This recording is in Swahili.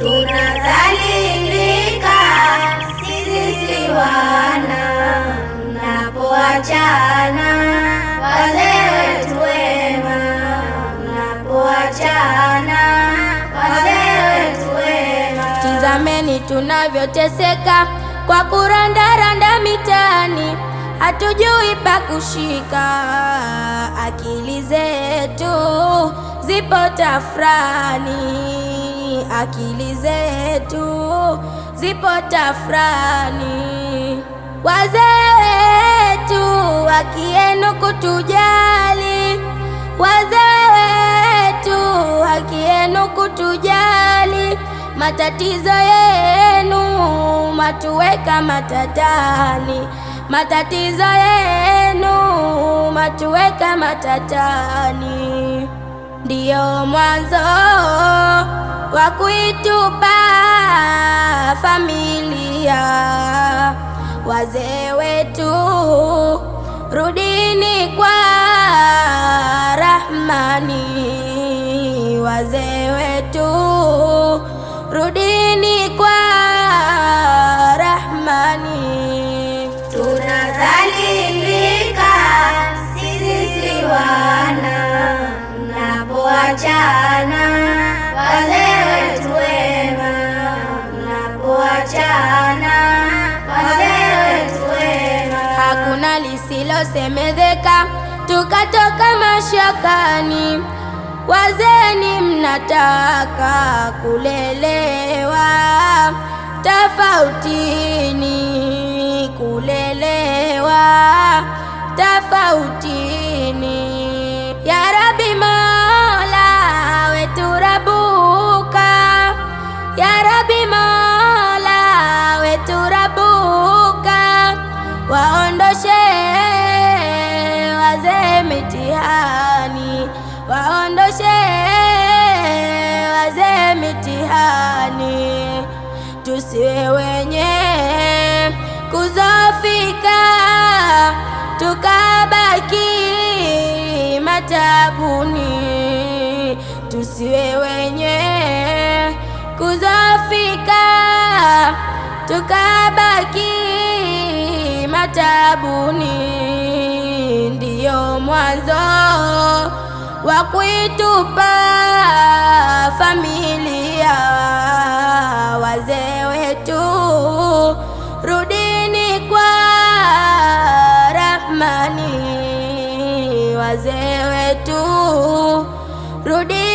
tunadhalilika sisi wana mnapoachana, tunavyoteseka kwa kurandaranda mitaani, hatujui pa kushika akili zetu zipo tafrani akili zetu zipo tafrani. Wazee wetu wakienu kutujali, wazee wetu wakienu kutujali, matatizo yenu matuweka matatani, matatizo yenu matuweka matatani, ndiyo mwanzo wa kuitupa familia. Wazee wetu rudini kwa Rahmani, wazee wetu rudini kwa Rahmani. Tunadhalilika sisi si wana napoachana lililosemezeka, tukatoka mashakani. Wazeni mnataka kulelewa, tofautini kulelewa, tofautini. Ya Rabbi Mola wetu rabuka, Ya Rabbi Mola wetu rabuka, waondoshe waondoshe wazee mitihani, tusiwe wenye kuzofika tukabaki matabuni, tusiwe wenye kuzofika tukabaki matabuni, ndiyo mwanzo wa kuitupa familia, wazee wetu, rudini kwa Rahmani, wazee wetu, rudini